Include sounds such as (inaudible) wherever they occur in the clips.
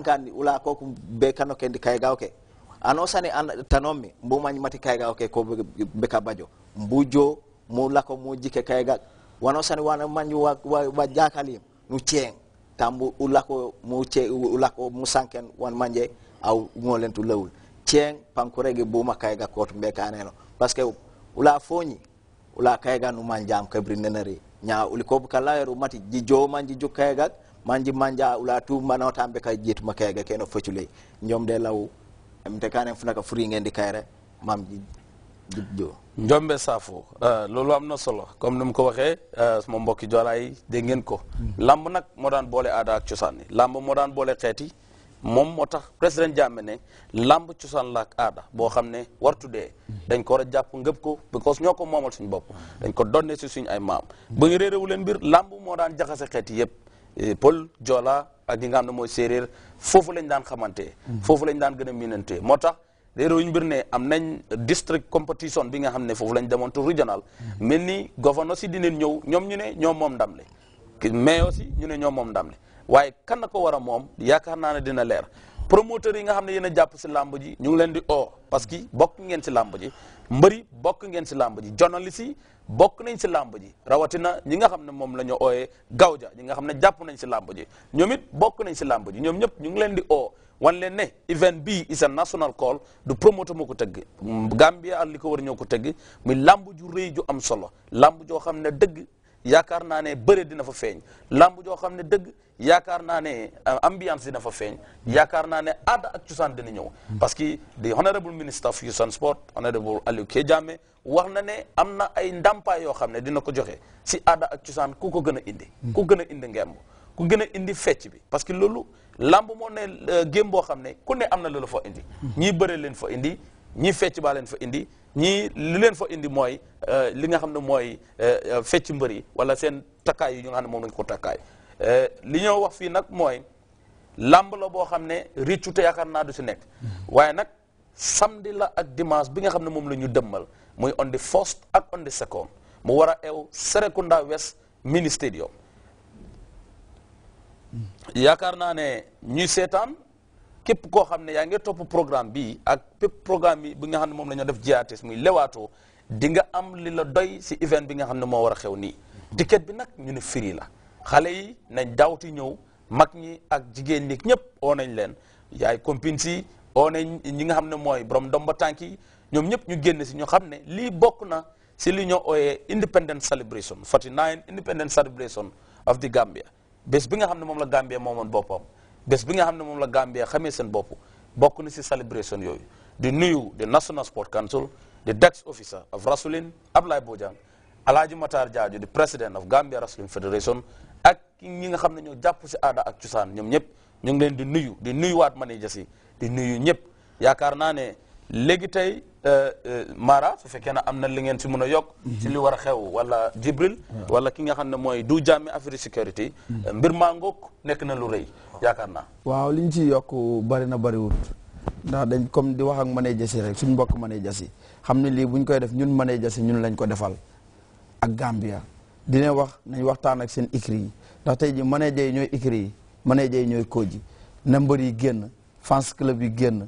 kan ko kum be kano kendi kayga tanomi mbu many mati kayga oke ko be ka bajo mbujo mu lako mu jike kayga wano sani ulako mu che ulako musanken wan manje lawul cheng pankurege buma kayga ko be kaneno parce que ula fonyi ula kayga nu manjam kabri nenari nya uliko kala yaro mati jijo manji jo kayga manji manja ula tu mana tambe ka jit makega keno fochule nyom de law mte kane funaka furi ngendi kayre mam jo njombe saafo eh, loolu am na solo comme ni mu ko waxee eh, sama mbokki joolaa yi dégg ngeen ko mm. lamb nag moo daan boole aada ak cosaan yi làmb moo daan boole xeet yi moom moo tax président Jammeh ne lamb cosaan la ak aada boo xam ne wartu dee mm. dañ ko war a jàpp ngëb ko because ñoo ko moomal suñu bopp mm. dañ ko donne si suñu ay maam bu ñu réeréwu leen mbir làmb moo daan jaxase xeet yi yëpp Eh, pël joola ak ñi nga xam ne mooy séeréer foofu lañ daan xamante mhm. foofu lañ daan gën a miinante moo tax léeroo ñu mbir ne am nañ district competition bi nga xam ne foofu lañ demoon tour régional mhm. mel ni gouverneur si dinan ñëw ñoom ñu ne ñoom moom ndam le mais aussi ñu ne ñoom moom ndam li waaye kan na ko war a moom yaakaar naa ne dina leer promoteurs yi nga xam ne yéen a jàpp si làmb ji ñu ngi leen di oo parce que bokk ngeen si làmb ji mbëri bokk ngeen si làmb ji journaliste yi bokk nañ si làmb ji rawatina ñi nga xam ne moom la ñu ooyee gawja ñi nga xam ne jàpp nañ si làmb ji ñoom it bokk nañ si làmb ji ñoom ñëpp ñu ngi leen di oo wan leen ne event bii is a national call du promoteur moo ko tëgg Gambia ak li ko war ñoo ko tëgg muy làmb ju rëy ju am solo làmb joo xam ne dëgg yaakaar naa ne bëre dina fa feeñ làmb joo xam ne dëgg yaakaar naa ne euh, ambiance dina fa feeñ yaakaar naa ne aada ak cosaan dina ñëw parce que the honorable minister of youth and sport honorable Alieu K Jammeh wax na ne am na ay ndàmpaay yoo xam ne dina ko joxe si aada ak cosaan ku ko gën a indi ku gën a indi ngemb ku gën a indi fecc bi parce que loolu làmb moo ne euh, gém boo xam ne ku ne am na loolu fa indi ñii bëre leen fa indi ñii fecc baa leen fa indi ñii li leen fa indi mooy euh, li nga xam ne mooy euh, euh, fecc mbër yi wala seen takkaay yi ñu nga xam ne moom lañ ko takkaay li ñoo wax fii nag mooy làmb la boo xam ne réccu te yaakaar naa du si nekk mm-hmm. waaye nag samedi la ak dimanche bi nga xam ne moom la ñu dëmmal muy on the first ak on the second mu war a ew Serekunda West mini stadium mm. yaakaar naa ne ñuy seetaan képp koo xam ne yaa ngi topp programme bi ak pépp programme bi bi nga xam ne moom la ñoo def GRTS muy lewaatoo di nga am li la doy si event bi nga xam ne moo war a xew nii ticket bi nag ñu ne free la xale yi nañ daawti ñëw mag ñi ak jigéen ñi ñëpp nañ leen yaay compines yi nañ ñi nga xam ne mooy borom ndomba tànk yi ñoom ñëpp ñu génn si ñu xam ne lii bokk na si li ñoo ooyee independence celebration 49 independence celebration of the Gambia bés bi nga xam ne moom la Gambia moomoon boppam bés bi nga xam ne moom la Gambia xamee seen bopp bokk na si celebration yooyu di nuyu the National Sport Council the Dex officer of Wrestling Ablaye Bojang Alhaji Matar Jaaju the president of Gambia Wrestling Federation ak ñi nga xam ne ñoo jàpp si aada ak cosaan ñoom ñëpp ñu ngi leen di nuyu di nuyuwaat manager si di nuyu ñëpp yaakaar naa ne. léegi tey euh, euh, Mara su fekkee ne am na li ngeen si mun a yokk. si li war a xew wala Jibril. wala ki nga xam ne mooy du jàmme affaire sécurité. Euh, mbir maa ngoog nekk na lu rey yaakaar na waaw li ñu ciy yokk bari na bariwul ndax dañ comme di wax ak manager si rek suñ mbokk manager si xam ne lii bu ñu koy def ñun manager si ñun lañ ko defal ak Gambia dina wax nañ waxtaan ak seen écrit yi ndax tey ji manager yi ñooy écrit yi manager yi ñooy coach yi na mbër yi génn fans club yi génn.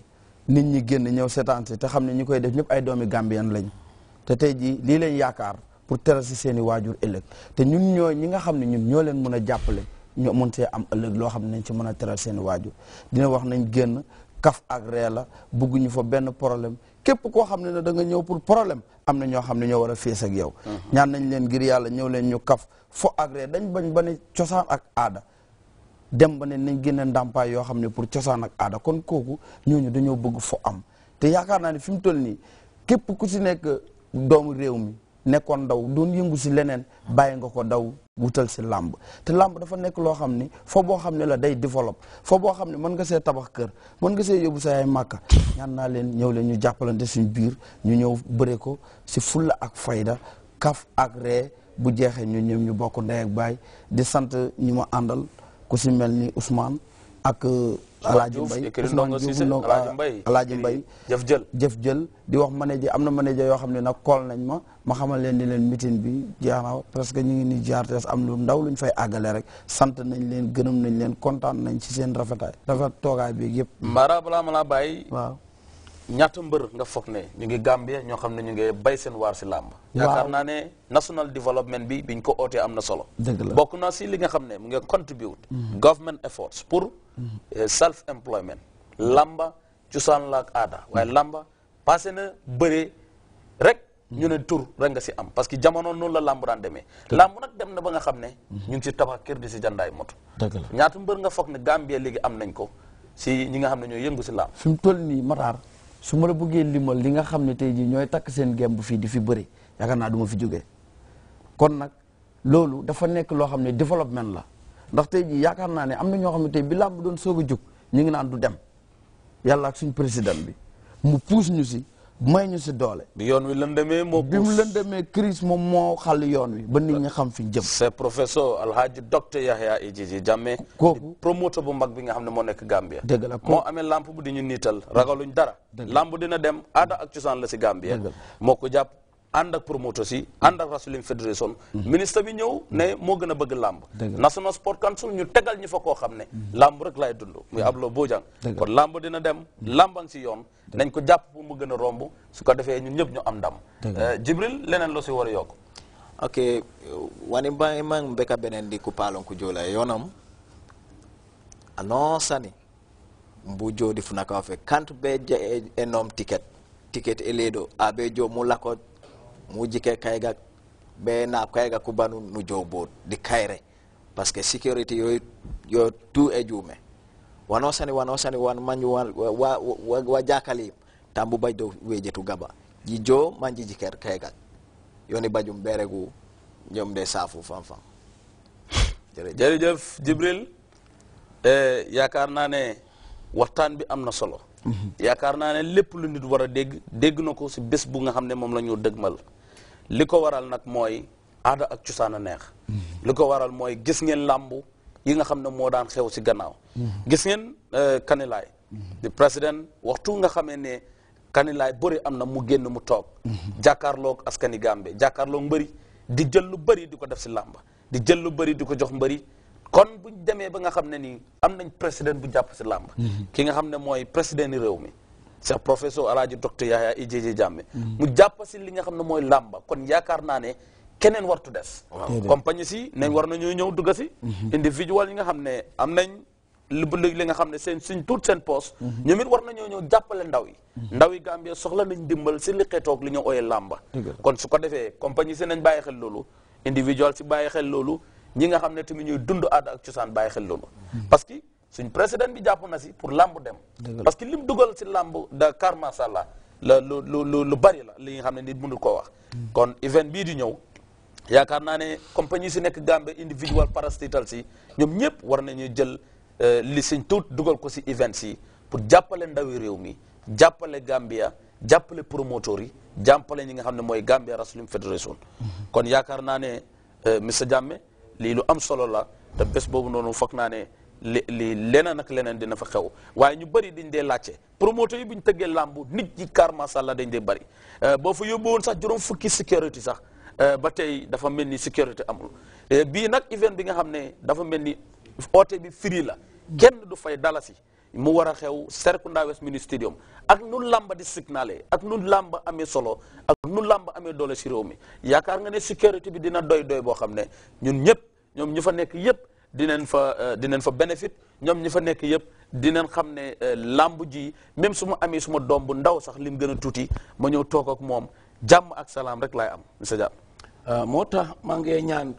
nit ñi génn ñëw seetaan si te xam ne ñu koy def ñëpp ay doomi Gambien lañ te te jii lii lañ yaakaar pour teral si seen waajur ëllëg te ñun ñoo ñi nga xam ne ñun ñoo leen mën a jàppale ñoo mun see am ëllëg loo xam ne nañ si mën a teral seen waajur dina wax nañ génn kaf ak ree la bugguñu fa benn problème képp koo xam ne ne da nga ñëw pour problème am na ñoo xam ne ñoo war a fees ak yow ñaan nañ leen ngir yàlla ñëw leen ñu kaf fo ak ree dañ bañ ba ne cosaan ak aada dem ba ne nañ génne ndàmpaay yoo xam ne pour cosaan ak aada kon kooku ñooñu dañoo bëgg foo am te yaakaar naa ne fi mu toll nii képp ku si nekk doomu réew mi nekkoon daw doon yëngu si leneen bàyyi nga ko daw wutal si làmb te lamb dafa nekk loo xam ni foo boo xam ne la day développe foo boo xam ne mën nga see tabax kër mën nga see yóbbu sa yaay màkka ñaan naa leen ñëw leen ñu jàppalante suñ biir ñu ñëw bëre ko si fulla ak fayda kaf ak ree bu jeexee ñu ñoom ñu bokk ndey ak di sant ñi ma àndal ku si melni Ousmane ak aladji Mbay Ousmane eh, Diouf ndongo Alaaji Mbay eh, jëf jël jëf jël di wax manager amna manager yo xamni nak kol nañ ma ma xamal len ni len meeting bi jeex na parce que ñu ngi ni jaar tes am lu ndaw luñ fay agalé rek sant nañ len gërëm nañ len contane nañ ci seen rafetay rafet togaay bi yépp Mbara bla mala baye waaw ñaata mbeur nga foog ne ñu ngi Gambia ño xamne ñu ngi bay seen war ci lamb yaakar na ne national development bi biñ ko oté am solo bokku na si li nga xamne mu ngi contribute mm-hmm. government efforts pour mm-hmm. eh, self employment lamba jusan lag ada, aada mm-hmm. lamba làmba passé na beuré rek ñu ne tur rek nga si am parce que jamono non la lamb ran démé lamb nak dem na ba nga xamne ñu ngi tabax kër di si janday moto ñaata mbeur nga foog ne Gambia ligi am nañ ko si ñi nga xamne ñoy yëngu si lamb fim toll su ma la bëggee limal li nga xam ne tey jii ñooy takk seen gemb fii di fi bëri yaakaar naa du ma fi jógee kon nag loolu dafa nekk loo xam ne développement la ndax tey jii yaakaar naa ne am na ñoo xam ne tey bi làmb doon soog a jóg ñu ngi naan du dem yàlla ak suñ président bi mu pousse ñu si may ñu si doole. bi yoon wi lëndëmee moo. bi mu lëndëmee crise moom moo xal yoon wi ba nit ñi xam fi ñu jëm. c'est professeur Alhaji docteur Yahya Ejiji Jammeh. kooku promoteur bu mag bi nga xam ne moo nekk Gambia. dëgg la moo amee lamp bu di ñu niital ragaluñ dara. lamb dina dem aada ak cosaan la si Gambia. moo ko jàpp. Anda promotor promoteur si Anda rasulim federation mm-hmm. ministre bi ñew ne mo gëna bëgg lamb national sport council ñu tegal ñu fa ko xamné mm-hmm. lamb rek lay dund muy mm-hmm. Ablo Bojang kon lamb dina dem làmbang si yoon nañ ko japp suka mu nyu a romb su ko défé ñun ñëpp ñu am ndam euh, Jibril lenen lo ci wara yok wanimba ok wani mang ku palon kupalon kujola yonam ano mbu jodi funaka fe kant be e- enom ticket ticket eledo abe jo mulako mujike kaiga be na kaiga kubanu nujobod dikaire paske security yo yo tu ejume wanosani wanosani wan manyu wan, wa, wa, wa, wa jakali tambu bajdo weje tu gaba jijo manji jiker kaiga yoni bajum beregu ñom de safu fam fam (laughs) jërëjëf Jibril eh, yaakaar naa ne waxtaan bi am na solo mhm. yaakaar naa ne lépp lu nit war a dégg dégg na ko si bés bu nga xam ne moom la ñu dëgmal li ko waral nag mooy aada ak cosaan a neex li ko waral mooy gis ngeen làmbu yi nga xam ne moo daan xew si gannaaw gis ngeen euh, kanilaay di président waxtu nga xamee ne kanilaay bëri am na mu génn mu toog jàkkaarloog askani Gambe jàkkaarloog mbëri di jël lu bëri di ko def si làmba di jël lu bëri di ko jox mbëri kon buñ demee ba nga xam ne nii am nañ président bu jàpp si làmb mm-hmm. ki nga xam ne mooy président réew mi Cheikh professeur alaaji docteur i Ijeje Jammeh mu jàpp si li nga xam ne mooy làmba kon yaakaar naa ne keneen wartu def compagnie si nañ war na ñuy ñëw dugga si mhm. individual yi nga xam ne am nañ lu li nga xam ne seen suñ tuut seen poos mhm. ñoom it war nañoo ñëw jàppale ndaw yi mhm. ndaw yi Gambie soxla nañ dimbal si li xeetoog li ñu ooyee làmba kon su ko defee compagnie si nañ bàyyi xel loolu individual si bàyyi xel loolu ñi nga xam ne tamit ñuy dund aada ak cosaan bàyyi xel loolu suñ président bi jàpp na si pour làmb dem. parce que lim dugal si làmb da kàr macha allah la lu bari la li nga xam ne nit mënul koo wax. Hmm. kon event bii di ñëw. yaakaar naa ne compagnie si nekk Gambe individual parastatal si ñoom ñëpp war nañu jël euh, li suñ tuut dugal ko si event si pour jàppale ndawi réew mi jàppale Gambia jàppale promoteur yi jàppale ñi nga xam ne mooy Gambia Wrestling Federation. Hmm. kon yaakaar naa ne monsieur Jammeh lii lu am solo la te bés boobu noonu foog naa ne. li li leneen ak leneen dina fa xew waaye ñu bëri dañ dee laajte promoteur yi bu ñu tëggee làmbu nit ñi car masha Allah dañ dee bëri euh, boo fa yóbbu woon sax juróom fukki sécurité sax euh, ba tey dafa mel ni sécurité amul euh, bii nag event bi nga xam ne dafa mel ni oote bi free la kenn du fay dalasi mu war a xew Serekunda West Mini Stadium ak nu lamba di signalé ak nu làmba amee solo ak nu làmba amee doole si réew mi yaakaar nga ne sécurité bi dina doy doy boo xam ne ñun ñëpp ñoom ñu fa nekk yëpp dinañ fa euh, dinañ fa benefit ñom ñi fa nek yëpp dinañ xam ne euh, ji même suma ma suma dombu ndaw sax lim gëna tuti ma ñew tok ak mom ak salam rek lay am monsieur Dia. Euh, moo tax maa ñaan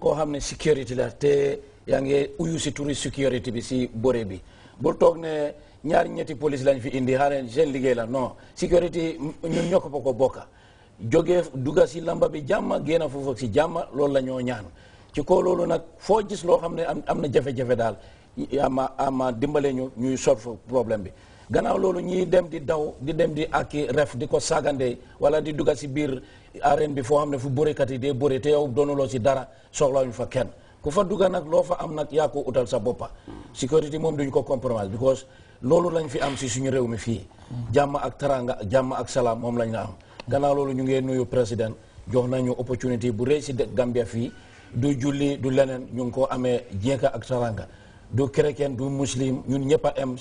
ko ne la te ya ngi uyu si turis security bi si bore bi bu tok ne ñaar ñetti police lañ fi indi xaaral seen ligé la non security ñun ñoko ko bokk a lamba bi jàmm gëna fofu si jàmm loolu la ñoo ñaan ci ko lolu nak fo gis lo xamne amna jafé jafé dal ama ama dimbalé ñu ñuy solve problème bi ganaw lolu ñi dem di daw di dem di aki ref di ko sagandé wala di sibir, ci bir arène bi fo xamne fu boré kat yi dé boré té yow lo si dara ñu fa kenn ku fa dugga nak lo fa am nak ya ko utal sa bopa sécurité mom duñ ko compromise because lolu lañ fi am ci suñu réew mi fi jamm ak taranga jamm ak salam mom lañ la am ganaw lolu ñu ngi nuyu président jox nañu opportunité bu réy si Gambia fi du julli du lenen ñu ngi ko amee jéeka ak saranga du chrétien du muslim ñun ñëpp a am